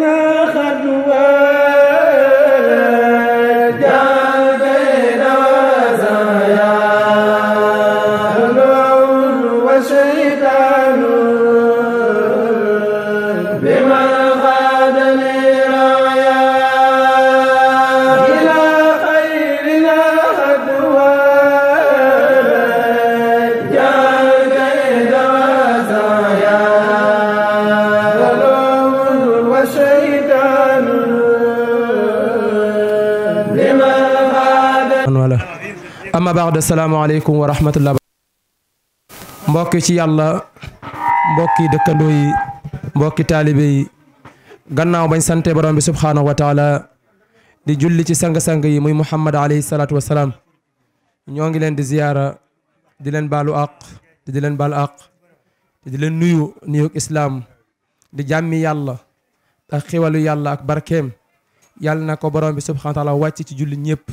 na baada salaamaaleykum wa rahmatullah mbokki ci yàlla mbokki dëkkandoo yi mbokki taalibe yi gannaaw bañ sante borom bi subhaanahu wa taala di julli ci sang-sang yi muy muhammad alayhi salaatu wa salaam ñoo ngi leen di ziyaara di leen baalu àq te di leen baalu àq te di leen nuyu nuyug islaam di jàmmi yàlla ak xiwalu yàlla ak barkeem yàlla na ko borom bi subhaanahu wa taala wàcc ci julli ñëpp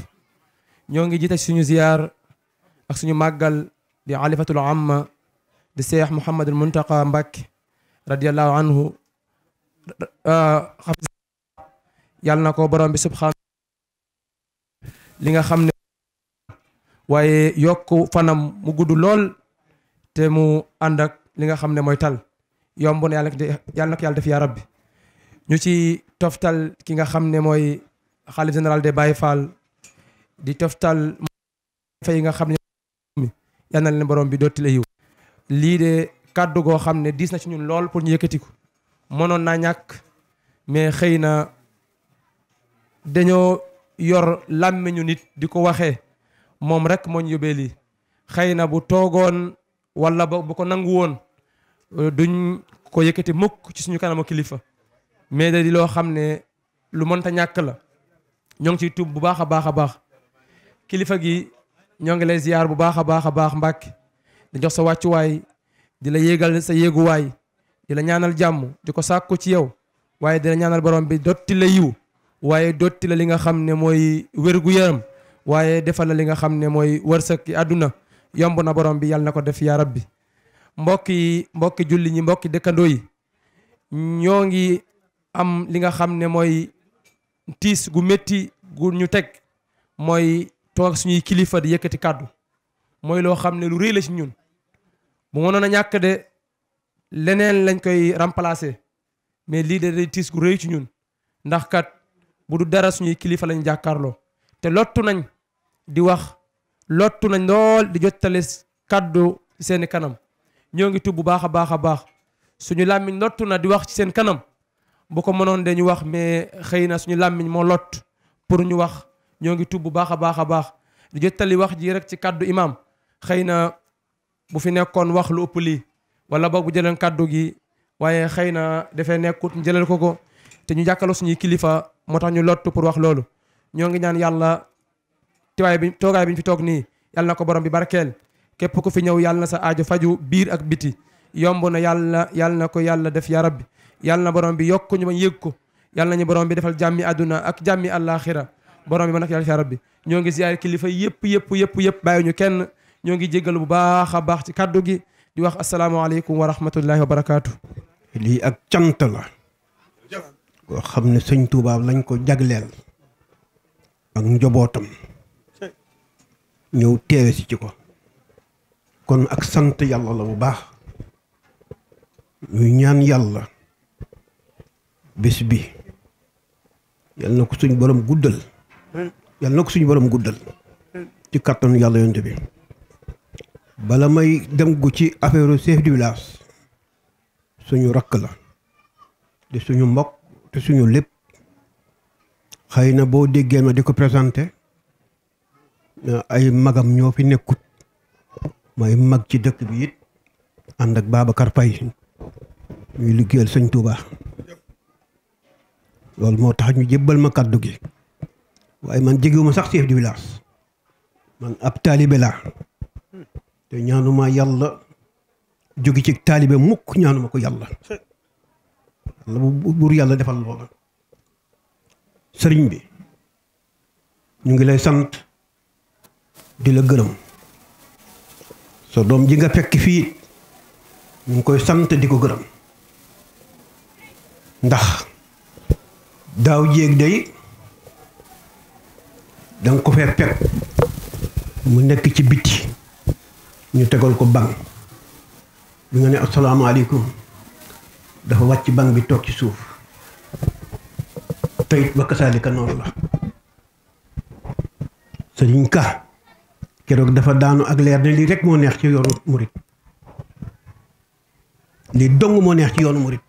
ñoo ngi jiite suñu ziyaar ak suñu magal di alifatul amma di mohammed al Muntaqa mbak radiyallahu anhu euh na ko borom bi subxaana li nga xamne waye waaye fanam mu guddul temu te mu andak moital. li nga xamne moy mooy tal yomb yalla yàlla yalla ko yalla def ya rabbi ñu ci toftal ki nga xamne moy khalid general de Baye Fall di toftal fay nga xamne yal na leen borom bi dotti la yu lii de kàddu hamne xam ne diis na ci ñun lool pour ñu yëkkatiku mënoon naa ñàkk mais xëy na dañoo yor làmmiñu nit di ko waxee moom rek moo ñu yóbbee lii xëy na bu toogoon wala bu ko nangu woon euh, duñ ko yëkkati mukk ci suñu kanamu kilifa mais di loo xam ne lu mënta ñàkk la ñoo ngi tub bu baax kilifa gi ñoo ngi lay ziar bu baax a baax a baax Mbàkke da jox sa wàccuwaay di la yéegal sa yéeguwaay di la ñaanal jàmm di ko sàkku ci yow waaye di la ñaanal borom bi dotti la yiw waaye dotti la li nga xam ne mooy wér-gu-yaram waaye defal la li nga xam ne mooy wërsëg yi àdduna yomb na borom bi yal na ko def yaa bi mbokki mbokki julli ñi mbokki dëkkandoo yi ñoo ngi am li nga xam ne mooy tiis gu métti gu ñu teg mooy toog suñuy kilifa di yëkkati kàddu mooy loo xam ne lu rëy la ci ñun bu mënoon a ñàkk de leneen lañ koy remplacer mais lii de day tiis gu rëy ci ñun ndax kat bu du dara suñuy kilifa lañ te lottu nañ di wax lottu nañ lool di jottale kàddu seen kanam ñoo ngi tub bu baax a baax a baax suñu làmmiñ lottu na di wax ci seen kanam bu ko de dañu wax mais xëy na suñu làmmiñ moo lott pour ñu wax ñongi ngi bu baax a baax di jottali wax ji rek ci kaddu imam xeyna bu fi nekkon wax lu upp li wala bok bu jëlen kaddu gi waye xeyna defé nekkut ñu jëlal ko ko te ñu jàkkaarloo suñu kilifa motax ñu lottu pour wax lolu ñongi ñaan yalla tiway bi togaay bi fi tok ni yalla nako borom bi barkel kep ku fi ñew yalla sa aaju faju bir ak biti yombu na yalla yalla nako ko def ya rabbi yalla na borom bi yokk ñu ma yegg ko yalla ñu borom bi defal jammi aduna ak al-akhirah borom bi ma nak yalla ci rabbi ñoo ngi ziyaar kilifa yëpp yep, yëpp bayu ñu kenn ñoo ngi jéggal bu baaxa baax ci kaddu gi di wax alaykum wa rahmatullahi wa barakatuh li ak cant la. koo xam seigne Touba lañ ko jaglél ak njobotam ñëw téwé ci ci ko. kon ak sant yalla la bu baax. ñu ñaan yalla bés bi. yal na ko suñ borom guddal. yàlla na ko suñu borom guddal ci katton yàlla yonte bi bala may dem gu ci affaire chef du village suñu rakk la di suñu mbokk te suñu lépp xëy na boo déggee ma di ko présenté ay magam ñoo fi nekkut mooy mag ci dëkk bi it ànd ak Babacar Faye ñuy liggéeyal sëñ Touba loolu moo tax ñu jébbal ma kàddu gi waaye man jegewuma sax chef di village man ab taalibe laa te ñaanuma yàlla jóge ci taalibe mukk ñaanuma ko yàlla yàlla bu buur yàlla defal loola sëriñ bi ñu ngi lay sant di la gërëm so doom ji nga fekk fii ñu ngi koy sant di ko gërëm ndax daaw jéeg day dang ko fe pep mu nek ci biti ñu tegal ko bang bi nga ne assalamu alaykum dafa wacc bang bi tok ci suuf tayit ba kasaalika non la serigne ka kérok dafa daanu ak leer ne li rek mo neex ci yoru mourid li dong mo neex ci yoru mourid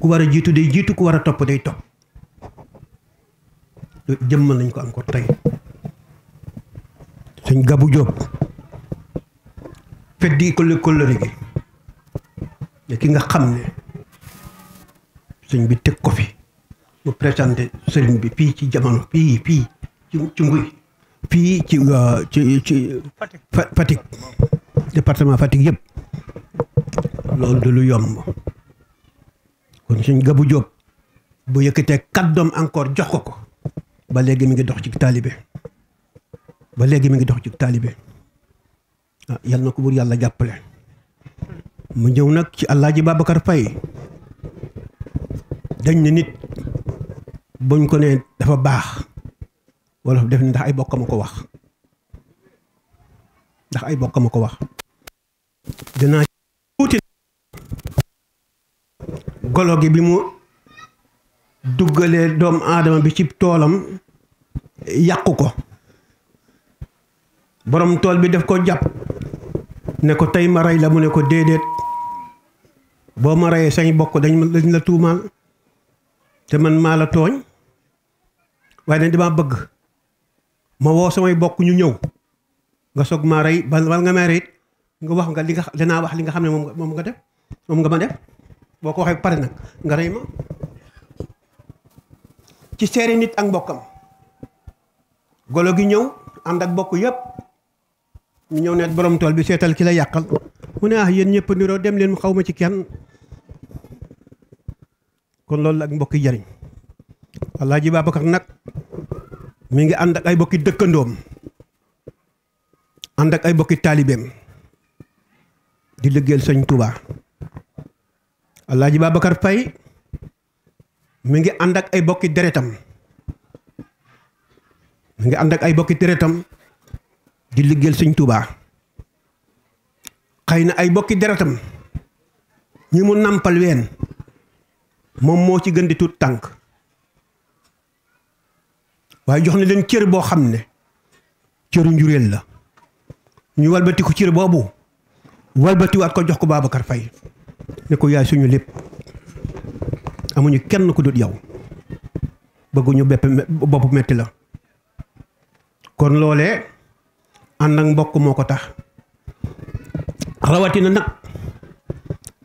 ku wara jitu day jitu ku wara top day top jëmmal nañ ko encore tey suñ gabu jóob feddi kole kolëri gi ne ki nga xam ne sëñ bi teg ko fi mu présenté sëriñ bi fii ci jamono fii fii ci nguy fii ci euh, ci ci Fatick département Fatick yëpp loolu du lu yomb kon suñ gabu jóob bu yëkkatee kàddoom encore jox ko ko ba léegi mi ngi dox ci taalibe ba léegi mi ngi dox ci taalibe ah yal na ko buur yàlla jàppale mu ñëw nag ci Alaaji Babacar Faye dañ ne nit buñ ko nee dafa baax wala def ne ndax ay bokkam a ko wax ndax ay bokkam a ko wax dinaa tuuti golo gi bi mu duggalee doomu aadama bi ci toolam yàqu ko borom tool bi def ko jàpp ne ko tey ma rey la mu ne ko déedéet boo ma reyee sañ bokk dañ dañ la tuumaal te man maa la tooñ waaye damaa bëgg ma woo samay bokk ñu ñëw nga soog maa rey bal bal nga may rey nga wax nga li nga danaa wax li nga xam ne moom nga moom nga def moom nga ma def boo ko waxee pare nag nga rey ma ci seeri nit ak mbokkam golo gi ñëw ànd ak bokk yëpp ñu ñëw ne borom tool bi seetal ki la yàqal mu ne ah yéen ñëpp niroo dem leen mu xaw ma ci kenn kon loolu ak mbokki jariñ Alaaji Babacar nag mi ngi ànd ak ay bokki dëkkandoom ànd ak ay bokki taalibeem di liggéeyal sëñ Touba Alaaji Babacar Faye mi ngi ànd ak ay bokki deretam mi ngi ànd ak ay bokki deretam di liggéeyal sëñ Tuubaa xëy na ay bokki deretam ñi mu nàmpal ween moom moo ci gën di tuut tànk waaye jox na leen cër boo xam ne cër njuréel la ñu walbatiku ko cër boobu walbatiwaat ko jox ko Babacar fay ne ko yaay suñu lépp amuñu kenn ku dut yow bëgguñu bépp bopp metti la kon loolee ànd ak mbokk moo ko tax rawatina nag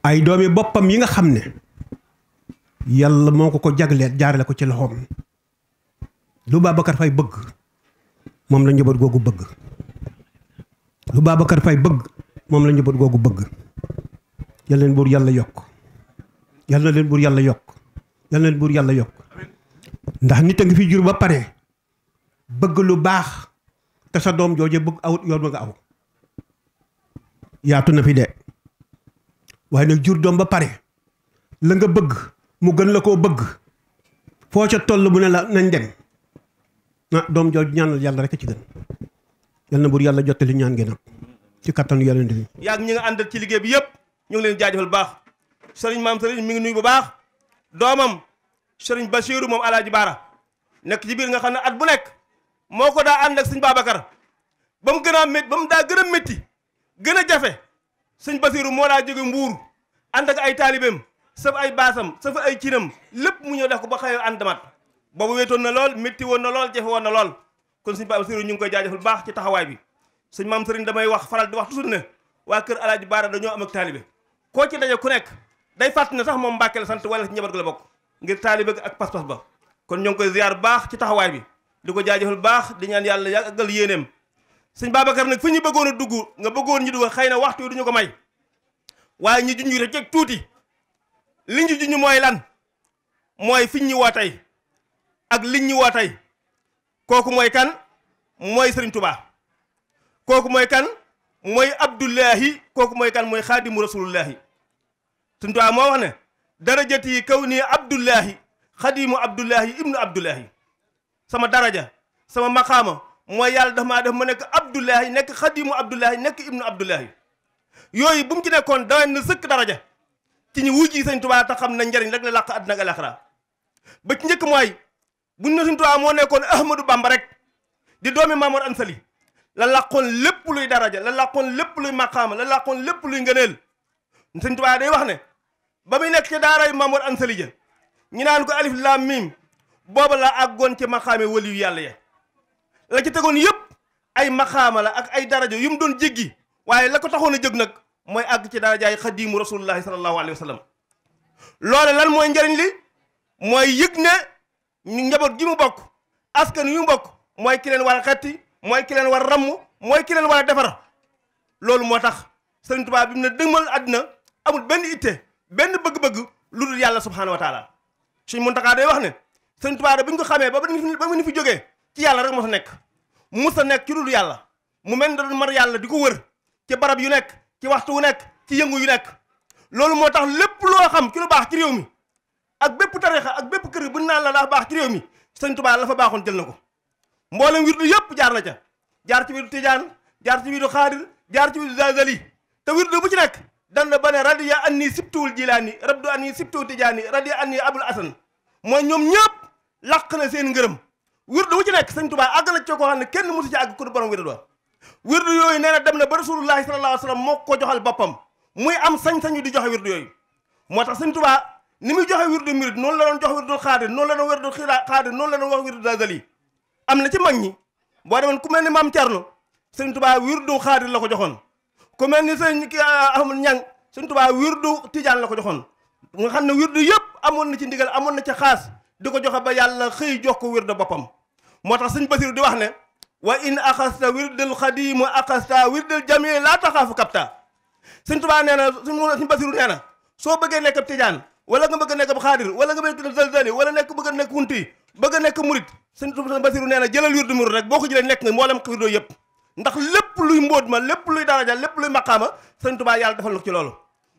ay doomi boppam yi nga xam ne yàlla moo ko ko jagleel jaarale ko ci loxoom lu Babacar fay bëgg moom la njaboot googu bëgg lu Babacar Faye bëgg moom la njaboot googu bëgg yal leen buur yàlla yokk yal leen buur yàlla yokk leen buur yàlla yokk ndax nit a ngi fi jur ba pare bëgg lu baax te sa doom jooje bëgg awut yoon ba nga aw yaatu na fi de waaye nag jur doom ba pare la nga bëgg mu gën la koo bëgg foo ca toll mu ne la nañ dem na ah, doom jooju ñaanal yàlla rek ci gën yàlla na bur yàlla li ñaan gi nag ci kattanu yàlla ndi yaag ñi nga àndal ci liggéey bi yëpp ñu ngi leen jaajëfal baax sëriñ maam sëriñ mi ngi nuyu bu baax doomam sëriñ basiru moom alaaji baara nekk ci biir nga xam ne at bu nekk moo ko daa ànd ak sëñ Babacar ba mu gën a ba mu daa gën métti gën a jafe sëñ Basiiru moo daa jóge mbuur ànd ak ay taalibeem saf ay baasam saf ay cinam lépp mu ñëw def ko ba xëyoo àndamaat boobu wetoon na lool métti woon na lool jafe woon na lool kon sëñ Basiiru ñu ngi koy jaajëfal bu baax ci taxawaay bi sëñ maam sëriñ damay wax faral di wax toujours ne waa kër alaaji baara dañoo am ak taalibe koo ci daje ku nekk day fàtt ne sax moom Mbàkke sant wala ci njaboot gi la bokk ngir taalibe ak pas ba kon ñoo ngi koy ziyaar baax ci taxawaay bi di ko jaajëfal baax di ñaan yàlla yàggal yéeneem sëñ Babacar nag fu ñu bëggoon a dugg nga bëggoon ñu dugg xëy na waxtu wi duñu ko may waaye ñu junj rek ceeg tuuti li ñu mooy lan mooy fiñ ñu woo ak liñ ñu woo kooku mooy kan mooy Serigne tuba kooku mooy kan mooy Abdullahi kooku mooy kan mooy xaadimu rasulullahi Serigne Touba moo wax ne darajati kaw nii Abdullahi xadimu Abdullahi ibnu Abdullahi. sama daraja sama maqaama mooy yàlla dafa maa def ma nekk Abdullahi nekk xadimu Abdullahi nekk ibnu Abdullahi yooyu bu ci nekkoon daween na sëkk daraja ci ñu wuj yi Sëñ Tuubaa te xam na njariñ rek la làq àddina ak alaxira ba ci njëkk mooy buñ ne Sëñ Tuubaa moo nekkoon Ahmadou Bamba rek di doomi Maamoor Ansali la làqoon lépp luy daraja la làqoon lépp luy maqaama la làqoon lépp luy ngëneel Sëñ Tuubaa day wax ne ba muy nekk ci daaray Maamoor Ansali ja ñu naan ko alif laam miim booba la àggoon ci maxaame wëliyu yàlla ya la ci tegoon yëpp ay maxaama la ak ay daraja yu mu doon jéggi waaye la ko taxoon a jëg nag mooy àgg ci darajaay xadiimu rasulullahi sallallahu alayhi wa sallam loole lan mooy njariñ li mooy yëg ne njaboot gi mu bokk askan yu mu bokk mooy ki war a xetti mooy ki war a ramm mooy ki leen war a defar loolu moo tax Sëriñ Tuubaa bi mu ne dëgmal àddina amul benn itte benn bëgg-bëgg lu dul yàlla subhaanahu wa taala suñ Muntaxaa day wax ne sëñ Tuubaa bi ñu ko xamee ba ba ni fi jógee ci yàlla rek moo sa nekk musa nekk ci dul yàlla mu mel ne da doon mar yàlla di ko wër ci barab yu nekk ci waxtu wu nekk ci yëngu yu nekk loolu moo tax lépp loo xam ci lu baax ci réew mi ak bépp tarixa ak bépp kër bu naan la daa baax ci réew mi sëñ Tuubaa la fa baaxoon jël na ko mboolem wirdu yëpp jaar na ca jaar ci wirdu Tijaan jaar ci wirdu Xaadir jaar ci wirdu Zazali te wirdu bu ci nekk dan na ba ne radiya anni sibtuwul jilaani rabdu anni sibtuwul tijaani radiya anni abul asan mooy ñoom ñëpp làq na seen ngërëm wirdu wu ci nekk sëñ Tuubaa àgg na ci koo xam ne kenn mosu ci àgg ku du borom wirdu wa wirdu yooyu nee na dem na ba rasulullahi sallallahu alayhi wa sallam moo ko joxal boppam muy am sañ-sañu di joxe wirdu yooyu moo tax sëñ Tuubaa ni muy joxe wirdu murid noonu la doon jox wirdul xaadir noonu la doon wirdul xaadir noonu la doon wax wirdu dazali am na ci mag ñi boo demoon ku mel ni maam Thierno sëñ Tuubaa wirdu xaadir la ko joxoon ku mel ni sëñ ki amul ah, ñang sëñ Tuubaa wirdu tijaan la ko joxoon nga xam ne wirdu yëpp amoon na ci ndigal amoon na ci xaas diko joxe ba yàlla xëy jox ko wirda bopam motax seigne basir di wax ne wa in akhasta wirdal khadim akhasta wirdal jami la taxaafu kapta seigne touba neena seigne basir neena so beugé nek bëggee wala nga bëgg nek khadir wala nga bëgg zalzali wala nek bëgg nek kunti wunti nek mourid seigne touba basir neena Basiru wirdu murit rek boko ko nek nekk nga mboolem wirdo yëpp ndax lépp luy mbóot ma lépp luy daraja lépp luy maqama seigne touba yàlla defal na ci lolu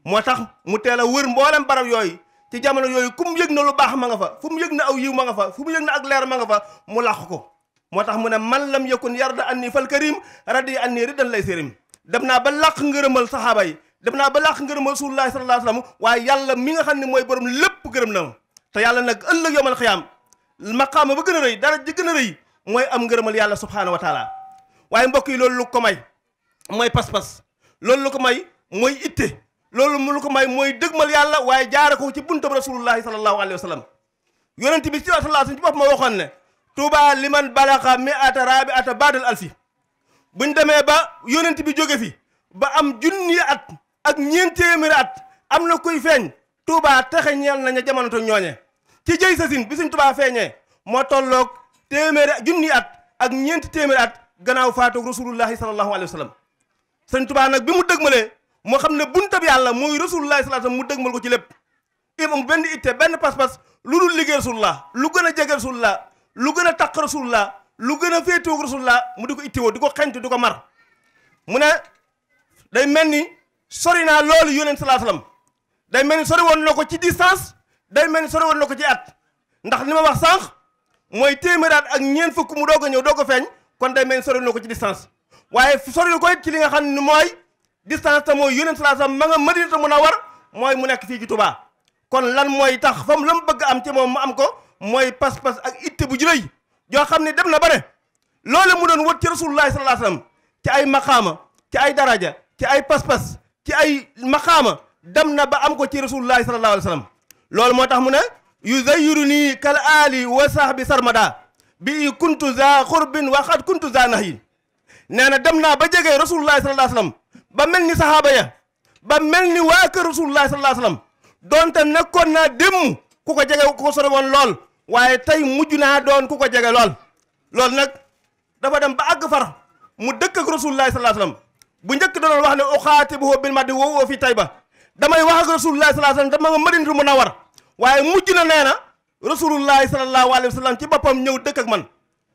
motax mu teel wër mbolam barab yoy ci jamono yooyu kum yegna lu bax ma nga fa fum yegna aw yiw ma nga fa fum yegna ak leer ma nga fa mu lakh ko motax mu ne man lam yakun yarda anni fal karim radi anni ridan lay sérim dem ba lakh ngeureumal sahaba yi dem ba lakh ngeureumal rasulullah sallallahu wasallam wa yàlla mi nga xamni moy borom lépp geureum na ta yàlla nak ëllëg yomal khiyam maqama ba gën a dara ji gën a moy am ngeureumal yàlla subhanahu wa taala waye mbokk yi loolu lu ko may moy pass pass loolu lu ko may moy itte loolu mu lu ko may mooy dëgmal yàlla waaye jaare ko ci buntab rasulullahi sallallahu alayhi wa sallam yonent bi ci sallallahu alayhi ci bopp ma waxoon ne tuuba liman balaxa mi ata raabi ata baadal alfi buñ demee ba yonent bi jóge fi ba am junni at ak ñeent téeméeri at am na koy feeñ tuuba texe ñeel nañu jamono to ñooñe ci jëy sasin bi suñ tuuba feeñee moo tolloog téeméeri junni at ak ñeenti téeméeri at gannaaw faatoog rasulullahi sallallahu alayhi wa sallam sëñ tuuba nag bi mu dëgmalee moo xam ne buntab yàlla muy rasulullah sallallahu alayhi wasallam mu dëgmal ko ci lépp imam benn itte benn pas-pas lu dul liggéey rasulullah lu gën a jege rasulullah lu gën a taq rasulullah lu gën a féetoog rasulullah mu di ko ittewoo di ko xentu di ko mar mu ne day mel ni sori naa loolu yonent sallallahu alayhi wasallam day mel ni sori woon na ko ci distance day mel ni sori woon na ko ci at ndax ni ma wax sànq mooy téeméeraat ak ñeent fukk mu doog a ñëw doo a feeñ kon day mel ni sori ko ci distance waaye sori na ci li nga xam ne mooy distance te mooy yonent sallallahu alayhi wasallam ma nga Madinatu Munawwar mooy mu nekk fii ci Touba kon lan mooy tax fam la mu bëgg am ci moom mu am ko mooy pas-pas ak itte bu jurëy yoo xam ne dem na bare loolu mu doon wër ci rasulullahi sallallahu alayhi wasallam ci ay maqaama ci ay daraja ci ay pas ci ay maqaama dem na ba am ko ci rasulullahi sallallahu alayhi wasallam loolu moo tax mu ne yuzayyiruni kal ali wa sahbi sarmada bi kuntu za xurbin wa xad kuntu za nahyin nee na dem naa ba jege rasulullahi sallallahu alayhi wasallam ba mel ni saxaaba ya ba mel ni waa kër rasulullah sallallahu alayhi wasallam doonte nekkoon naa démm ku ko jege ku ko sore woon lool waaye tey mujj naa doon ku ko jege lool loolu nag dafa dem ba àgg far mu dëkk ak rasulullah sallallahu alayhi wasallam bu njëkk danoon wax ne uxaatibuhu bil maddi woo woo fii Tayba damay wax ak rasulullah sallallahu alayhi wasallam dama nga Madinatu Munawwara waaye mujj na nee na rasulullah sallallahu alayhi wasallam ci boppam ñëw dëkk ak man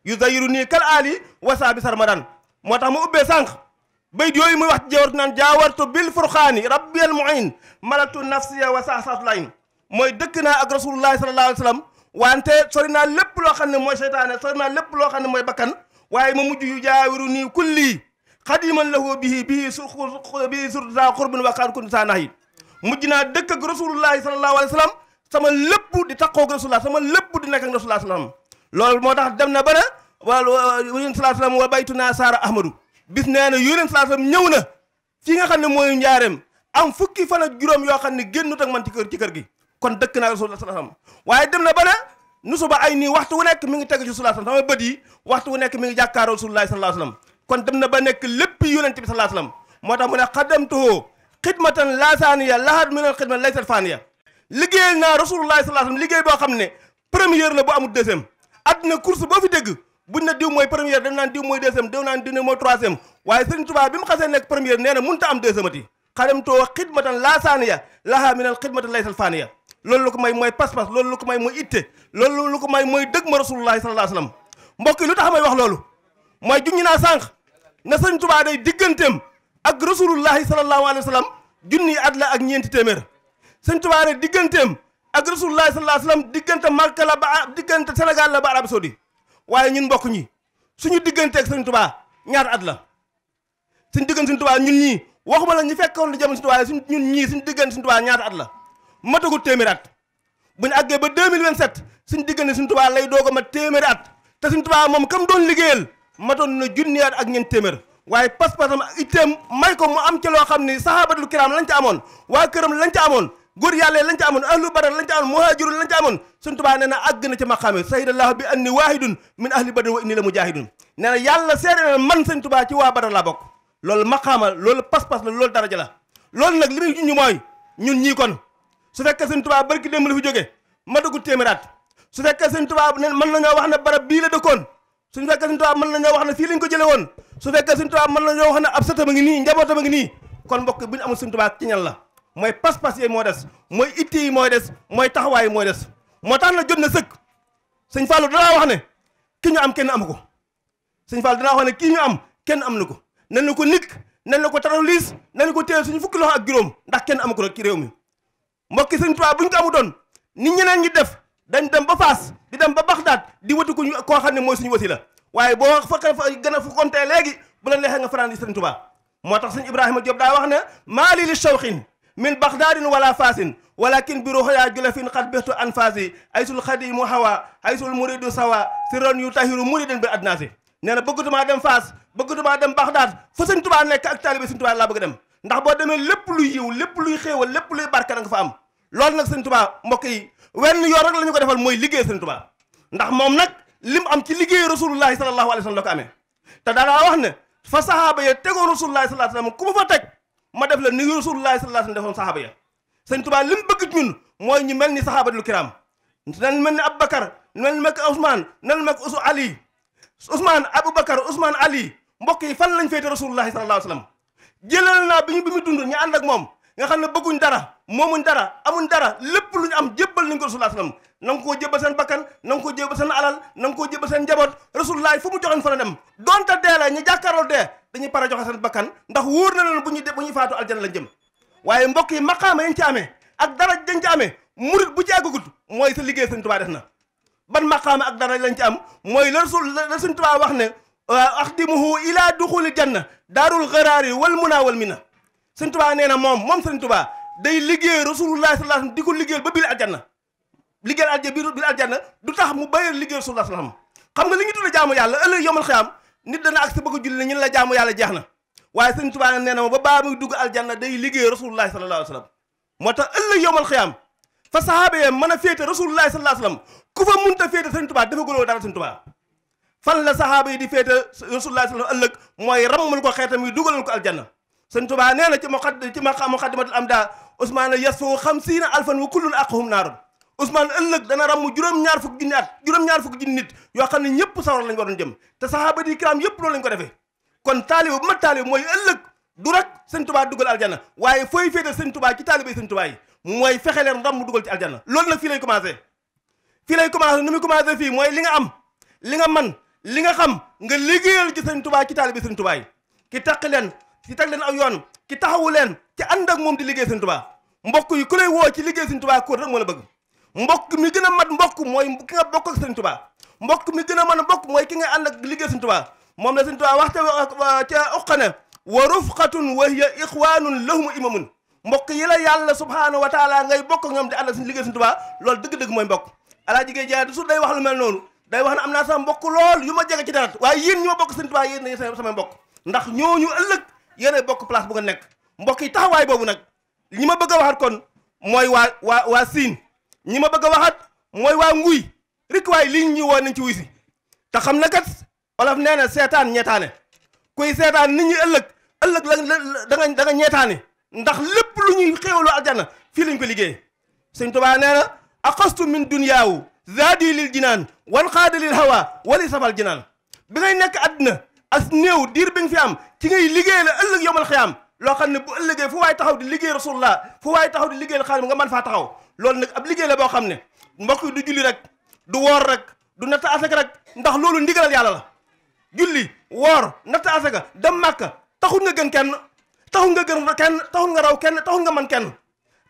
yu zayiru nii kal aali wasaabi sarmadan moo tax mu ubbee sànq بيد يوي مي واخ جاورت نان جاورت بالفرخاني ربي المعين ملكت نفسي وساسات لاين موي دكنا اك رسول الله صلى الله عليه وسلم وانت سورنا لب لو خاني موي شيطان سورنا لب لو خاني موي بكان واي ما مجي يجاورو ني كلي قديما له به به به سر قرب وقال كنت سانحي مجينا دك رسول الله صلى الله عليه وسلم سما لب دي تاكو رسول الله سما لب دي نك رسول الله صلى الله عليه وسلم لول موتاخ دمنا بنا وال رسول الله صلى الله عليه وسلم وبيتنا سار احمدو bis nee na yonent saasam ñëw na fi nga xam ne mooy njaareem am fukki fan ak juróom yoo xam ne génn ak man ci kër ci kër gi kon dëkk naa rasulullah saasam waaye dem na ba ne nu suba ay nii waxtu wu nekk mi ngi tegu ci rasulullah sama bët yi waxtu wu nekk mi ngi jàkkaaroo rasulullah sallallahu alayhi kon dem na ba nekk lépp yonent bi sallallahu alayhi wa sallam moo tax mu ne xadamtuhu xidmatan laa saaniya lahat min al xidma laysat faaniya liggéeyal naa rasulullah sallallahu alayhi wa liggéey boo xam ne première la bu amul deuxième adduna course boo fi dégg buñ na diw moy premier dañ nan diw moy deuxième dañ nan diw moy troisième waye Serigne Touba bimu xasse nek premier première nee na am deuxième ati to xadamtoo xidmatan laa saaniya lahaa minal xidmatan laysal faaniya loolu lu ko may moy pass pass lolou lu ko may moy itte lolou lu ko may moy deug ma rasulullah sallallahu alaihi wasallam sallam mbokk yi lu may wax lolou moy junñi naa sànq na Serigne Touba day digganteem ak rasulullah sallallahu alaihi wasallam sallam junni at ak ñeenti témèr Serigne Touba day digganteem ak rasulullah sallallahu alaihi wasallam sallam Makka la ba diggante Sénégal la ba arab Saoudite waaye ñun mbokk ñi suñu digganteeg sëñ tubaa ñaata at la suñu diggante sëñ tubaa ñun ñii waxuma la ñu fekkoon lu jamono sëñ tubaa ñun ñii suñu diggante sëñ tubaa ñaata at la matagul téeméeri at bu ñu àggee ba 2027 suñu diggante sëñ tubaa lay doog a mat téeméeri at te sëñ tubaa moom kam doon liggéeyal matoon na junni at ak ñeent téeméer waaye pas-pasam itteem may ko mu am ca loo xam ni saxaabatul kiraam lañ ca amoon waa këram lañ ca amoon góor yàlla lañ ca amoon ahlu badar lañ ca amoon muhaajirun lañ ca amoon suñ tubaa nee na àgg na ci maqaame sahidallahu bi anni waahidun min ahli badar wa inni la mujaahidun nee na yàlla seere na man sëñ tubaa ci waa badar laa bokk loolu maqaama loolu pas la loolu daraja la loolu nag li muy ñun ñii kon su fekkee barki démb fi jóge matagu téeméeraat su fekkee sëñ tubaa ne mën nañoo wax ne barab bii la dëkkoon suñ fekkee sëñ tubaa mën nañoo wax ne woon su fekkee sëñ tubaa mën nañoo a la mooy pas-pas yi moo des mooy itti yi mooy des mooy taxawaay yi mooy des moo tax na jot na sëkk sëñ Fallou danaa wax ne ki ñu am kenn amu ko sëñ Fallou danaa wax ne kii ñu am kenn am na ko nan la ko nikk nan la ko taraliis nan la ko téye suñu fukki loxo ak juróom ndax kenn amu ko rek ci réew mi mbokki sëñ Tuubaa buñ ko amu doon ni ñeneen ñi def dañ dem ba Faas di dem ba Baxdaad di wati ko koo xam ne mooy suñu wasi la waaye boo fa gën a fu kontee léegi bu la neexee nga fanaan di sëñ Tuubaa moo tax sëñ Ibrahima Diop daa wax ne maali li من بغداد ولا فاس ولكن بروح يا جلف قد بهت انفاسي ايس الخديم هوا ايس المريد سوا سرون يطهر مريدا بادناسي نانا بغوت ما دم فاس بغوت ما دم بغداد فسن توبا نيك اك طالب سن توبا لا بغ دم ندخ بو دمي لب لو ييو لب لو خيو لب لو بارك نغ فا ام لول نك سن توبا موكي وين يور رك لا نيو ديفال موي ليغي سن توبا ندخ موم نك لم ام تي ليغي رسول الله صلى الله عليه وسلم لوكامي تا دا لا واخ فصحابه يتغو رسول الله صلى الله عليه وسلم كوفا تك ma def le ni Rasulullah sallallahu alayhi wasallam defoon saxaaba ya sëñ Tuubaa li mu bëgg ci ñun mooy ñu mel ni saxaabatul kiraam nan mel ni Aboubacar nan mel ni Ousmane nan mel ni Usu Ali Ousmane Aboubacar Ousmane Ali mbokk yi fan lañ féete Rasulullah sallallahu alayhi wasallam jëlal naa bi ñu bi mu dund ñu ànd ak moom nga xam ne bëgguñ dara moomuñ dara amuñ dara lépp lu ñu am jébbal nañ ko rasulullah sallam na nga koo jébbal seen bakkan na nga koo jébbal seen alal na nga koo jébbal seen njaboot rasulullah fu mu joxoon fa la dem donte dee la ñu jàkkaarloo dee dañuy pare joxe seen bakkan ndax wóor na leen bu ñuy bu ñuy faatu aljana lañ jëm waaye mbokk yi maqaama yañ ci amee ak dara dañ ci ame murit bu ci àggagut mooy sa liggéey sëñ tubaa def na ban maqaama ak dara lañ ci am mooy la rasul la sëñ tubaa wax ne axdimuhu ila duxuli janna daarul xaraari wal munaa wal mina sëñ tubaa nee na moom moom sëñ tubaa day liggéey rasulullah sallallahu alayhi wasallam di ko liggéeyal ba biir aljanna liggéeyal aljanna biir biir aljanna du tax mu bàyyi liggéey rasulullah sallallahu alayhi wasallam xam nga li ñu tudde jaamu yàlla ëllëg yomal xiyaam nit dana ak sa bëgg a julli ne ñun la jaamu yàlla jeex na waaye sëñ tubaa nee na moom ba baa muy dugg aljanna day liggéey rasulullah sallallahu moo tax ëllëg yomal xiyaam fa sahaaba yee mën a féete rasulullah sallallahu alayhi wasallam ku fa munta féete sëñ tubaa dafa gënoo dara sëñ tubaa fan la sahaaba yi di féete rasulullah sallallahu alayhi wasallam ëllëg mooy ko xeetam yi dugalal ko aljanna sëñ Tuubaa nee na ci muqaddam ci muqaddimatul amda Ousmane yasoo xamsiina alfan wa kullun aqhum naarum Ousmane ëllëg dana ramm juróom-ñaar fukk junni at juróom-ñaar fukk junni nit yoo xam ne ñëpp sawar lañ waroon jëm te saxaaba di kiram yëpp loolu lañ ko defee kon taaliba bu ma taaliba mooy ëllëg du rek sëñ Tuubaa dugal aljana waaye fooy féetal sëñ Tuubaa ci taaliba yi sëñ Tuubaa yi mooy fexe leen ramm dugal ci aljana loolu nag fii lay commencé fii lay commencé nu muy commencé fii mooy li nga am li nga man li nga xam nga liggéeyal ci sëñ Tuubaa ci taaliba yi sëñ Tuubaa yi ki taq leen ci teg leen aw yoon ki taxawu leen ci ànd ak moom di liggéey sëñ Tuubaa mbokk yi ku lay woo ci liggéey sëñ Tuubaa kóor rek moo bëgg mbokk mi gën a mat mbokk mooy ki nga bokk ak sëñ Tuubaa mbokk mi gën a mën a mbokk mooy ki nga ànd ak liggéey sëñ Tuubaa moom la sëñ Tuubaa wax ca ca uqane wa rufqatun wa hiya ixwanun lahum imamun mbokk yi la yàlla subhaanahu wa taala ngay bokk ñoom di ànd ak liggéey mbokk alaa jigéen jaay du su day wax lu mel noonu day wax ne am naa sama mbokk lool yu ma jege ci deret waaye yéen ñi bokk sëñ Tuubaa yéen sama mbokk ndax ñooñu ëllëg yéen a place bu nga nekk mbokk yi taxawaay boobu nag ñi ma bëgg a waxaat kon mooy waa waa waa siin ñi ma bëgg a waxaat mooy waa nguy rek waay li ñu woo nañ ci wuy te xam na kat olof nee na seetaan ñeetaane kuy seetaan nit ëllëg ëllëg la da da ñeetaane ndax lépp lu ñuy xéewaloo aljana fii lañ ko liggéey sëñ Tuubaa nee na aqastu min dunyaawu zaadi lil jinaan wan xaada lil hawa wali safal jinaan bi ngay nekk àddina as néew diir bi fi am ci ngay liggéey la ëllëg yowmal xiyaam loo xam ne bu ëllëgee fu waaye taxaw di liggéey rasulullah fu waaye taxaw di liggéey la xaalis nga mën faa taxaw loolu nag ab liggéey la boo xam ne mbokk yi du julli rek du woor rek du natt asaka rek ndax loolu ndigalal yàlla la julli woor natt asaka dem màkka taxul nga gën kenn taxul nga gën kenn taxul nga raw kenn taxul nga man kenn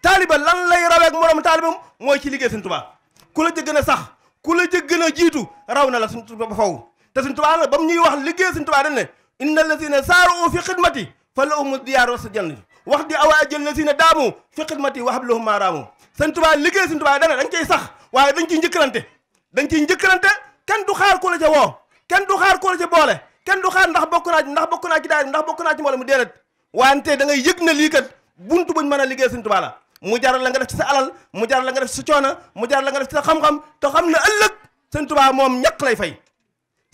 taaliba lan lay rawee ak moroom taalibam mooy ci liggéey Sëñ Tuubaa ku la ca gën a sax ku la ca gën a jiitu raw na la Sëñ Tuubaa ba faw te Sëñ Tuubaa la ba mu ñuy wax liggéey Sëñ Tuubaa dañ ne inna alladina saaru fi xidmati fa la umu diyaar wasa jannati wax di awaa jël lazina daamu fi xidmati wa hablahum maaraamu sëñ tubaa liggéey sëñ tubaa dana dañ cay sax waaye dañ ciy njëkkalante dañ ciy njëkkalante kenn du xaar ku la ca woo kenn du xaar ku la ca boole kenn du xaar ndax bokk naa ndax bokk naa ci daay ndax bokk naa ci mboolem mu déedéet wante da ngay yëg na lii kat buntu buñ mën a liggéey sëñ tubaa la mu jaral la nga def ci sa alal mu jaral la nga def ci sa coona mu jaral la nga def ci sa xam-xam te xam ne ëllëg sëñ tubaa moom ñàkk lay fay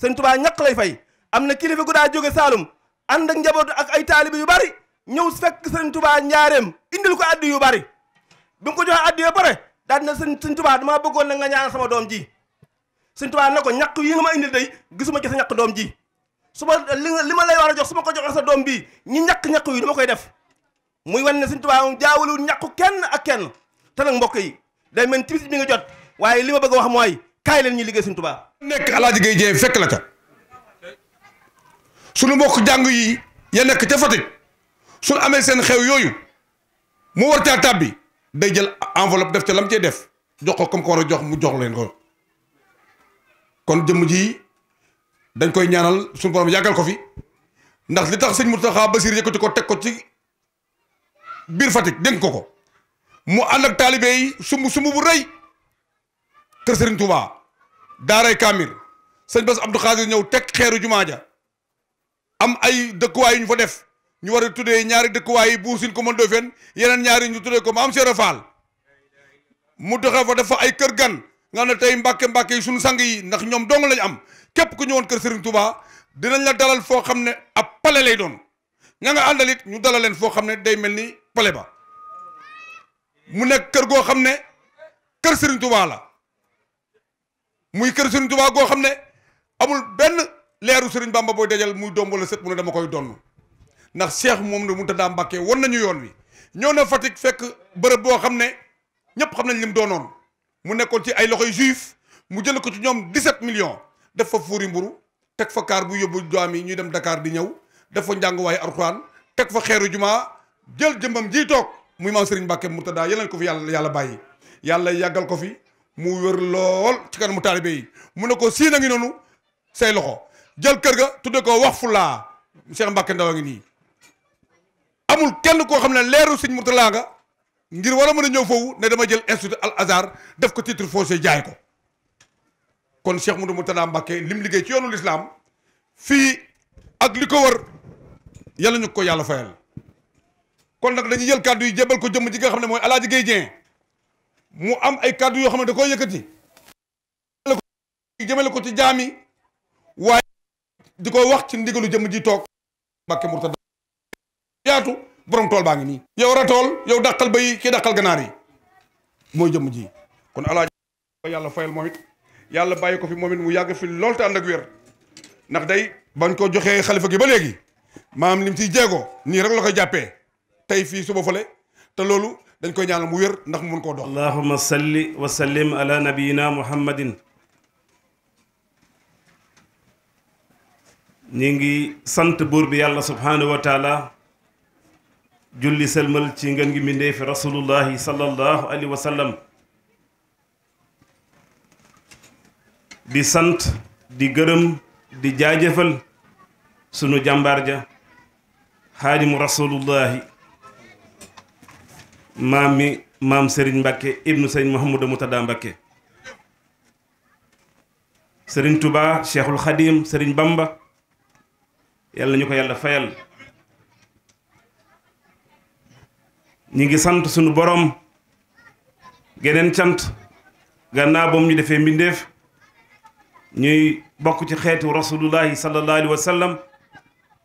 sëñ tubaa ñàkk lay fay am na kilifa gu daa jóge Saalum ànd ak njabootu ak ay taalibe yu bari ñëw fekk sëñ Touba njaareem indil ko addi yu bari bi mu ko joxee addi ba pare daal dina sëñ sëñ Touba damaa bëggoon na nga sama doom ji sëñ Touba na ko ñàkk yi nga ma indil day gisuma ci sa doom ji su ma li li ma lay war a jox su ma ko joxee sa doom bi ñi ñàkk-ñàkk yi dama koy def muy wan ne sëñ Touba moom jaawalul ñàkku kenn ak kenn te nag mbokk yi day mel timis bi nga jot waaye li ma bëgg a wax mooy kaay leen ñuy liggéey sëñ Touba nekk Alaaji Gaye fekk la ca sunu mbokk jàng yi ya nekk ca fatik sunu amee seen xew yooyu mu war caa tàbbi day jël enveloppe def ca lam cee def jox ko comme ko war a jox mu jox leen ko kon jëmm ji dañ koy ñaanal sunu borom yàggal ko fi ndax li tax sëñ Moustapha Basir yëkkati ko teg ko ci biir Fatick dénk ko ko mu ànd ak talibé yi sumb sumb bu rëy kër Serigne Touba daaray Kamil sëñ Bass Abdou Khadir ñëw teg xeeru jumaa am ay dëkkuwaay yu ñu fa def ñu war a tuddee ñaari dëkkuwaay yi Buur Sine ko mën Ndofène yeneen ñaari ñu tuddee ko am Cheikh Fall mu doxee fa dafa ay kër gan nga ne tey mbàkke mbàkke yi suñu sang yi ndax ñoom dong lañ am képp ku ñëwoon kër Serigne Touba dinañ la dalal foo xam ne ab pale lay doon ña nga àndal ñu dalal leen foo xam ne day mel ni pale ba mu nekk kër goo xam ne kër Serigne la muy kër Serigne Touba goo xam ne amul benn. leeru Serigne Bamba booy dajal muy doom wala sët mu ne dama koy donn ndax Cheikh moom la Mountakha Mbacké won nañu yoon wi ñoo na Fatick fekk bërëb boo xam ne ñëpp xam nañ li mu doonoon mu nekkoon ci ay loxoy juif mu jël ko ci ñoom 17 millions def fa mburu teg fa kaar bu yóbbu yi ñuy dem Dakar di ñëw def fa njànguwaayu Alxuraan teg fa xeeru jumaa jël jëmbam ji toog muy maam Serigne Mbacké Mountakha yal nañ ko fi yàlla yàlla bàyyi yàlla yàggal ko fi mu wér lool ci kanamu taalibe yi mu ne ko sii na ngi noonu say loxo jël kër ga tudde ko wax fulaa Cheikh Mbacke Ndaw a ngi nii amul kenn koo xam ne leeru sëñ Mourtala nga ngir war a mën a ñëw foofu ne dama jël institut al azhar def ko titre foncier jaay ko kon Cheikh Moudou Mourtala lim liggéey ci yoonu lislaam fii ak li ko wër yàlla ñu ko yàlla fayal kon nag dañuy jël kàddu yi jébal ko jëmm ji nga xam ne mooy Alaaji Guèye Dieng mu am ay kàddu yoo xam ne da koo yëkkati jëmale ko ci jaami di wax ci ndigalu jëm ji tok, Mbàkke Murtada yaatu borom tol baangi ni yow ra tol yow dakal bay ki dakal ganaar yi ji kon ala yalla fayal momit yalla yàlla ko fi momit mu yag fi lol te andak wer nak day bañ ko joxe khalifa gi ba legi maam lim ci jego ni rek la koy jappé tay fi suba fele te lolou dañ koy ñaanal mu wer nak mu mën ko dox allahumma salli wa sallim ala nabiyyina muhammadin ñi ngi sant buur bi yàlla subhaanahu wa taala julli sëlmal ci ngeen ngi mbindeefi rasulullahi sallallahu alayhi wa sallam di sant di gërëm di jaajëfal sunu jàmbaar ja xaadimu rasulullahi maam mi maam Serigne Mbacke ibnu Serigne Mouhamadou Moutada Mbacke Serigne Touba Cheikhul Khadim Serigne Bamba yàlla ñu ko yàlla fayal ñu ngi sant sunu borom geneen cant gannaaw boom ñu defee mbindeef ñuy bokk ci xeetu rasulullahi sallallahu alayhi wa sallam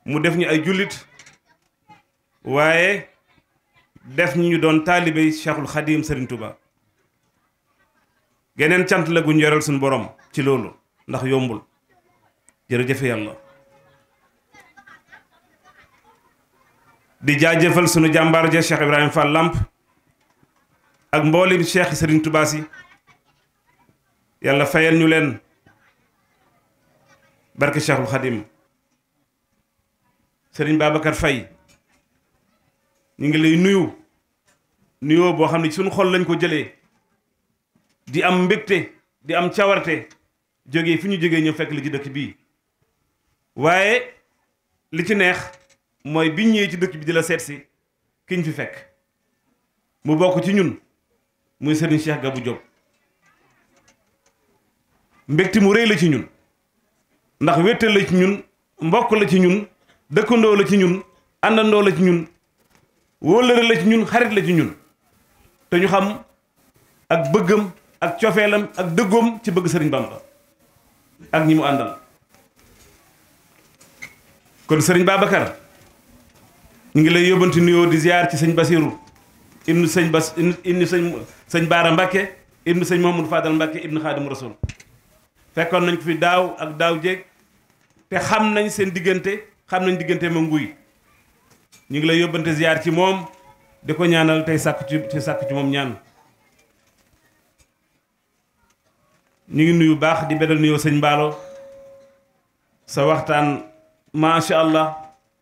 mu def ñu ay jullit waaye def ñu ñu doon taalibey cheikhul xadim Serigne Touba geneen cant la gu ñu yoral suñu borom ci loolu ndax yombul jërëjëfe yàlla di jëfal sunu jàmbaar ja Cheikh Ibrahima Fall làmp ak mboolem Cheikh sëriñ Touba si yàlla fayal ñu leen barke Cheikhul Khadim sëriñ Babacar Faye ñu ngi lay nuyu nuyoo boo xam ne sunu xol lañ ko jëlee di am mbégte di am cawarte jóge fi ñu jógee ñëw fekk li ci dëkk bii waaye li ci neex. mooy biñ ñëwee ci dëkk bi di la seet si kiñ fi fekk mu bokk ci ñun muy Serigne Cheikh bu Diop mbégte mu rëy la ci ñun ndax wéttal la ci ñun mbokk la ci ñun dëkkandoo la ci ñun àndandoo la ci ñun wóllëre la ci ñun xarit la ci ñun te ñu xam ak bëggam ak cofeelam ak dëggoom ci bëgg sëriñ Bamba ak ñi mu àndal kon sëriñ Babacar ñu ngi lay yóbbanti nuyoo di ziar ci sëñ Basiru ibnu sëñ Bas ibnu sëñ sëñ Baara Mbacke ibnu sëñ Mouhamadou Fadal Mbacke ibnu Xaadim Rasul fekkoon nañ ko fi daaw ak daaw jéeg te xam nañ seen diggante xam nañ diggante ma ñu ngi lay yóbbante ziar ci moom di ko ñaanal tey sàkk ci tey sàkk moom ñaan ñu ngi nuyu baax di bedal nuyoo sëñ Mbaalo sa waxtaan macha allah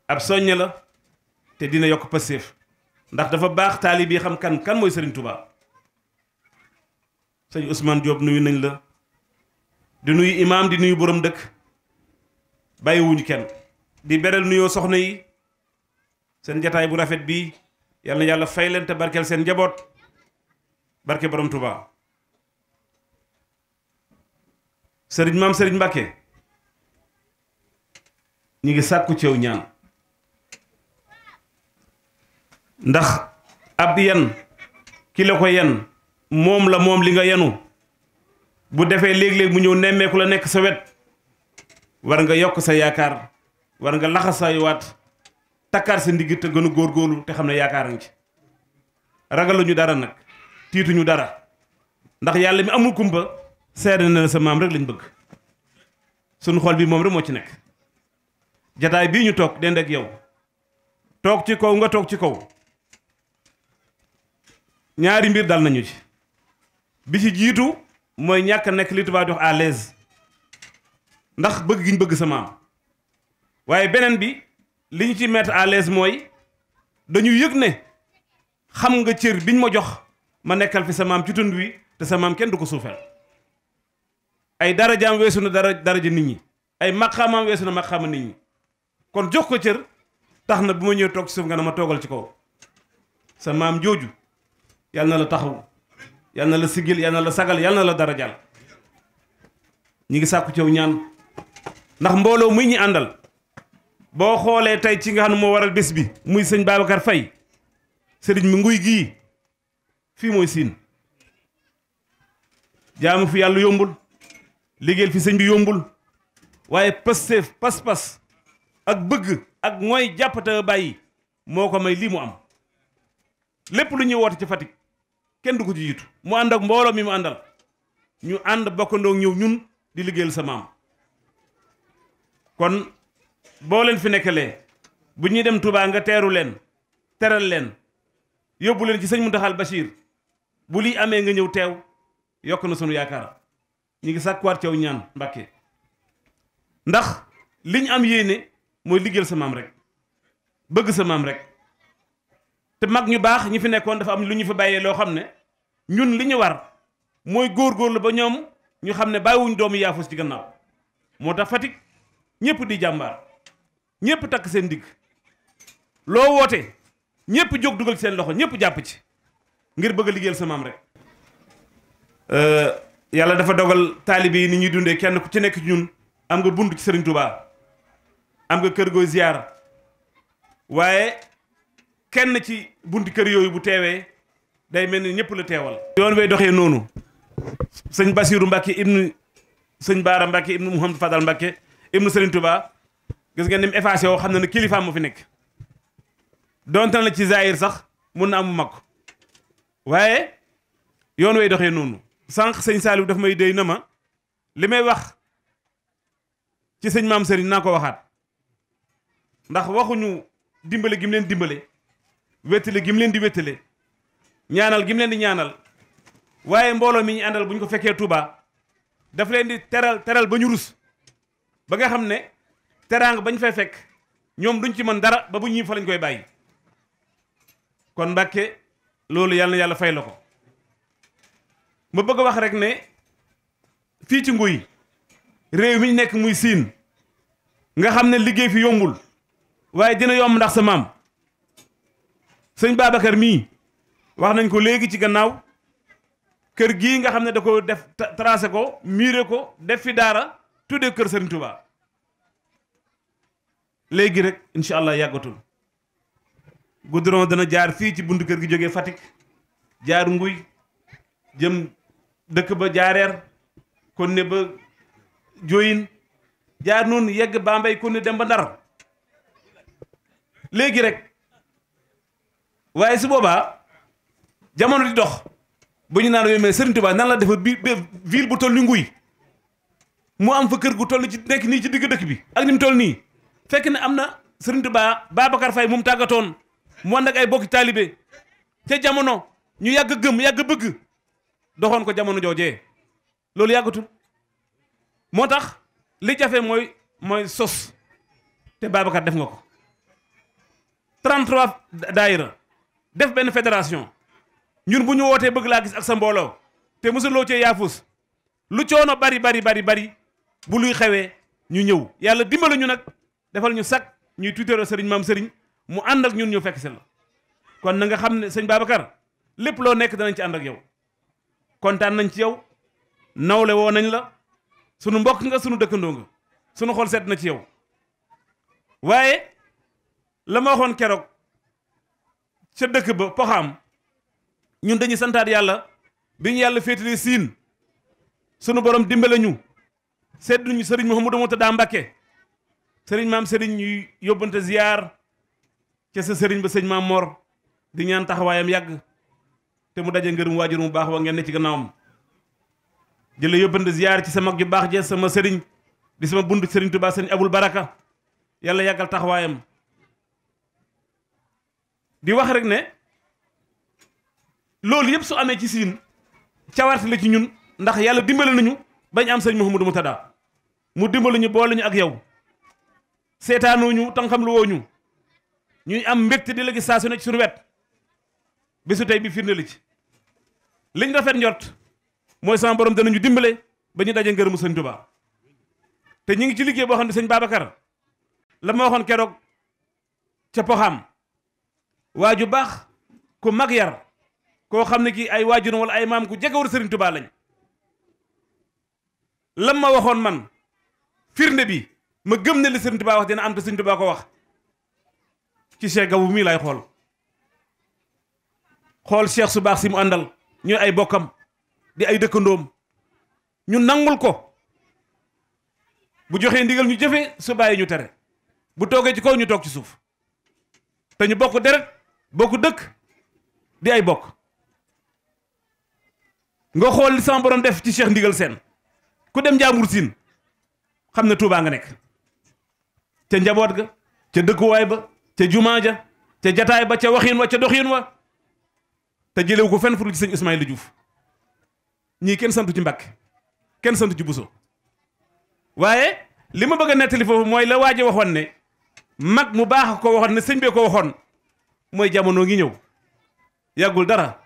ab soññe la te dina yokk pastéef ndax dafa baax taali bii xam kan kan mooy Serigne Touba sëñ Ousmane Diop nuyu nañ la di nuyu imaam di nuyu boroom dëkk bàyyiwuñu kenn di beral nuyoo soxna yi seen jataay bu rafet bii yal na yàlla fay leen te barkeel seen njaboot barke boroom Touba sëriñ maam Serigne Mbacke ñu ngi sàkku ceew ñaan. ndax ab yan ki ko yen moom la moom li nga yenu bu defee léeg-léeg mu ñëw nemmeeku la nekk sa wet war nga yokk sa yaakaar war nga laxasaayuwaat takkaar sa ndigg te gën góor góorgóorlu te xam ne yaakaar nga ci ragaluñu dara nag tiituñu dara ndax yàlla mi amul kumpa seere na sa maam rek lañ bëgg suñu xool bi moom rek moo ci nekk jataay bii ñu toog dend yow toog ci kaw nga toog ci kaw ñaari mbir dal nañu ci bi ci jiitu mooy ñàkk nekk li tubaab jox wax à ndax bëgg gi bëgg sa maam waaye beneen bi li ñu ci mettre à l'aise mooy dañu yëg ne xam nga cër biñ ma jox ma nekkal fi sa maam ci tund wi te sa maam kenn du ko suufeel ay darajaam weesu na dara daraja nit ñi ay maqaamaam weesu na maqaama nit ñi kon jox ko cër tax na bu ma ñëwee toog ci suuf nga na ma toogal ci kaw sa maam jooju yal na la taxaw yal na la sigil yal na la sagal yal na la darajal ñi ngi sakku cëw ñaan ndax mbolo muy ñi andal bo xolé tay ci nga xam mo waral bes bi muy sëñ babakar fay sëriñ mi nguy gi fi moy sin jaamu fi yalla yombul ligel fi sëñ bi yombul waye passef pas-pas ak bëgg ak moy jappata bayyi moko may li mu am lepp lu ñu wote ci fatik kenn du ko ci jiitu mu ànd ak mbooloo mi mu àndal ñu ànd bokkandook ñëw ñun di liggéeyal sa maam kon boo fi nekkalee bu ñuy dem Touba nga teeru leen teral leen yóbbu leen ci sëñ Muntaxal Bachir bu lii amee nga ñëw teew yokk na sunu yaakaar ñu ngi sàkkuwaat caw ñaan Mbàkke ndax liñ am yéene mooy liggéeyal sa maam rek bëgg sa maam rek te mag ñu baax ñi fi nekkoon dafa am lu ñu fa bàyyee loo xam ne ñun li ñu war mooy góor góorgóorlu ba ñoom ñu xam ne bàyyiwuñ doomu yaafus ci gannaaw moo tax Fatick ñëpp di jàmbaar ñëpp takk seen digg loo woote ñëpp jóg dugal seen loxo ñëpp jàpp ci ngir bëgg a liggéeyal sa maam rek. Euh, yàlla dafa dogal taalibe yi ni ñuy dundee kenn ku ci nekk ñun am nga bunt ci Serigne tubaa am nga kër goo ziar waaye. kenn ci bunti kër yooyu bu teewee day mel ni ñëpp la teewal. yoon way doxee noonu sëñ Basiirou Mbacke ibnu sëñ Baara Mbacke ibnu Mouhamadou Fadal Mbacke ibnu Serigne Touba gis ngeen ni mu effacé woo xam na ne kilifa mu fi nekk donte la ci Zahir sax mun na am mu mag waaye yoon way doxee noonu. sànq sëñ Saliou daf may déy na ma li may wax ci sëñ maam sëriñ naa ko waxaat ndax waxuñu dimbale gi mu leen dimbale. wéttali gim leen di wéttali ñaanal gim leen di ñaanal waaye mbooloo mi ñu àndal bu ñu ko fekkee Touba daf leen di teral teral ba ñu rus ba nga xam ne teraang bañ fay fekk ñoom duñ ci mën dara ba bu ñii fa lañ koy bàyyi kon Mbàkke loolu yàlla yàlla fay la ko ma bëgg a wax rek ne fii ci nguy réew mi ñu nekk muy siin nga xam ne liggéey fi yombul waaye dina yomb ndax sa maam sëñ Babacar mii wax nañ ko léegi ci gannaaw kër gii nga xam ne da ko def tracé ko miire ko def fi daara tudde kër sëriñ Touba léegi rek incha allah yàggatul goudron dana jaar fii ci buntu kër gi jógee Fatick jaar Nguy jëm dëkk ba jaareer kon ba joyin jaar noonu yegg Bambey kon ne dem ba Ndar léegi rek waaye su boobaa jamono di dox bu ñu naan yooyu mais Serigne nan la defa bi ville bu toll ni nguy mu am fa kër gu toll ci nekk nii ci digg dëkk bi ak ni mu toll nii fekk ne am na Serigne Touba Babacar Faye moom tàggatoon mu ànd ak ay bokki taalibe ca jamono ñu yàgg gëm yàgg bëgg doxoon ko jamono joojee loolu yàggatul moo tax li jafe mooy mooy sos te Babacar def nga ko 33 daayira def benn fédération ñun bu ñu wootee bëgg laa gis ak sa mbooloo te mosuloo cee yaafus lu coono bari bari bari bari bu luy xewee ñu ñëw yàlla dimbali ñu nag defal ñu sakk ñuy tuiteeroo sëriñ maam sëriñ mu ànd ak ñun ñu fekk si la kon na nga xam ne sëñ Babacar lépp loo nekk danañ ci ànd ak yow kontaan nañ ci yow nawle woo nañ la sunu mbokk nga sunu dëkkandoo nga sunu xol set na ci yow waaye la ma waxoon keroog ca dëkk ba poxaam ñun dañuy santaat yàlla bi ñu yàlla féetalee siin sunu borom dimbale ñu sedduñu sëriñ Mouhamadou Mourtada Mbacké sëriñ maam sëriñ ñuy yóbbante ziyaar ca sa sëriñ ba sëñ maam Mor di ñaan taxawaayam yàgg te mu daje ngërëm waajur mu baax wa ngeen ne ci gannaawam jële yóbbante ziyaar ci sa mag ju baax ja sama sëriñ di sama bunt sëriñ Tuubaa sëriñ Abul Baraka yàlla yàggal taxawaayam di wax rek ne loolu yëpp su amee ci siin cawarte la ci ñun ndax yàlla dimbali nañu bañ am sëñ Mouhamadou Moutada mu dimbali ñu boole ñu ak yow seetaanuñu tànqam lu wooñu ñuy am mbégte di la gis saa ci suñu wet bisu tey bi firnde li ci liñ rafet njort mooy sama borom danañu dimbale bañu ñu daje ngërëmu sëñ Touba te ñu ngi ci liggéey boo xam ne sëñ Babacar la ma waxoon keroog ca Poxam. waa ju baax ku mag yar koo xam ne kii ay waajur wala ay maam ku jege war Serigne Touba lañ lam ma waxoon man firnde bi ma gëm ne li Serigne Touba wax dina am te Serigne ko wax ci Cheikh Gabou mii lay xool xool Cheikh su baax si mu àndal ñu ay bokkam di ay dëkkandoom ñu nangul ko bu joxee ndigal ñu jëfee su bàyyi ñu tere bu toogee ci kaw ñu toog ci suuf te ñu bokk deret bokk dëkk di ay bokk nga xool li sama borom def ci Cheikh Ndigal seen ku dem Njaambur Siin xam ne Touba nga nekk ca njaboot ga ca dëkkuwaay ba ca jumaa ja ca jataay ba ca waxin wa ca doxin wa te jëlewu ko fenn fu dul ci sëñ Ismaïla Diouf ñii kenn santu ci Mbàkke kenn santu ci Buso waaye li ma bëgg a nettali foofu mooy la waaje waxoon ne mag mu baax ko waxoon ne sëñ bee ko waxoon mooy jamono ngi ñëw yàggul dara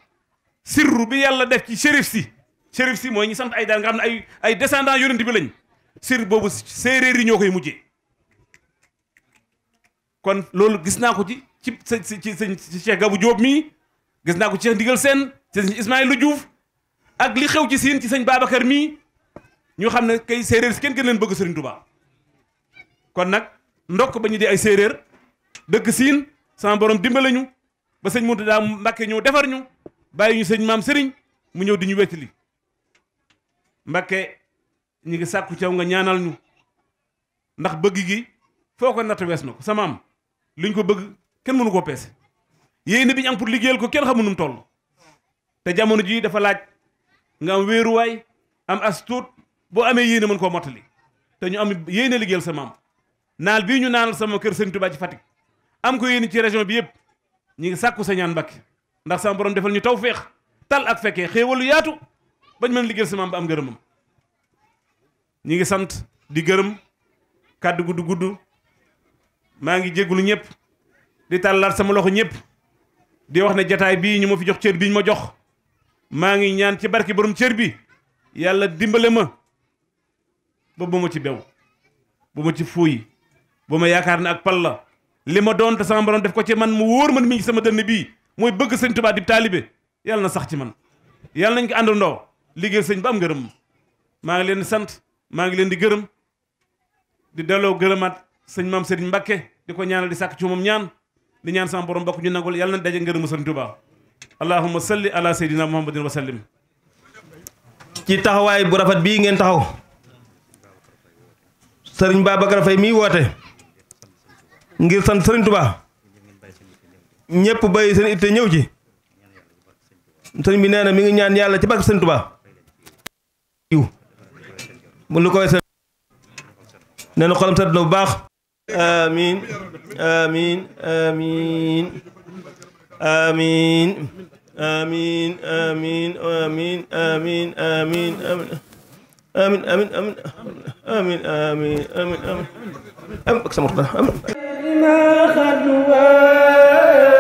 sirru bi yàlla def ci shérif si shérif si mooy ñi sant ay daal nga xam ne ay ay descendant yonent bi lañ sirr boobu séeréer yi ñoo koy mujjee kon loolu gis naa ko ci ci ci sëñ Cheikh Gabou Diop mii gis naa ko ci Cheikh Ndigal Sène ci sëñ lu juuf ak li xew ci siin ci sëñ Babacar mii ñu xam ne kay séeréer si kenn gën leen bëgg Sëriñ Tuubaa kon nag ndokk ba ñu di ay séeréer dëkk siin sama borom dimbale ñu ba sëñ Mountakha Mbacké ñëw defar ñu bàyyi ñu sëñ maam sëriñ mu ñëw di ñu wettali Mbacké ñu ngi sàkku caw nga ñaanal ñu ndax bëgg gi foo ko natt wees na ko sama am liñ ko bëgg kenn mënu koo peese yéen bi ñu am pour liggéeyal ko kenn xamu nu mu toll te jamono jii dafa laaj nga am wéeruwaay am as tuut boo amee yéene mën koo mottali te ñu am yéene liggéeyal sa maam naan bii ñu naanal sama kër sëñ Tuubaa ci Fatick am ko yéen ci région bi yëpp ñu ngi sàkku sa ñaan Mbàkke ndax sama borom defal ñu taw féex tal ak fekke xéewalu yaatu bañ mën liggéey sama maam ba am ngërëmam ñi ngi sant di gërëm kàddu gudd gudd maa ngi jéggulu ñëpp di tàllaat sama loxo ñëpp di wax ne jataay bii ñu ma fi jox cër bi ma jox maa ngi ñaan ci barki borom cér bi yàlla dimbale ma ba bu ma ci bew bu ma ci fuuy bu ma yaakaar ne ak pal la li ma doon te sama borom def ko ci man mu wóor man mi ngi sama dënn bii mooy bëgg sëñ Tuubaa di taalibe yàlla na sax ci man yàlla nañ ko àndandoo liggéey sëñ ba am ngërëm maa ngi leen di sant maa ngi leen di gërëm di delloo gërëmaat sëñ maam sëriñ Mbakke di ko ñaanal di sàkk ci moom ñaan di ñaan sama borom bokk ñu nangul yàlla nañ daje ngërëmu sëñ Tuubaa allahumma salli ala sayyidina muhammadin wa sallim ci taxawaay bu rafet bii ngeen taxaw sëriñ Babacar Faye mii woote ngir sant sëriñ Tuubaa ñëpp bàyyi seen itte ñëw ci bi nee na mi ngi ñaan yàlla ci barke sëriñ Tuubaa mu lu koy seen nee na xolam sedd na bu baax amin amin amin amin amin amin amin amin amin amin amin amin amin amin amin amin أم أكسر مرقى أم أكسر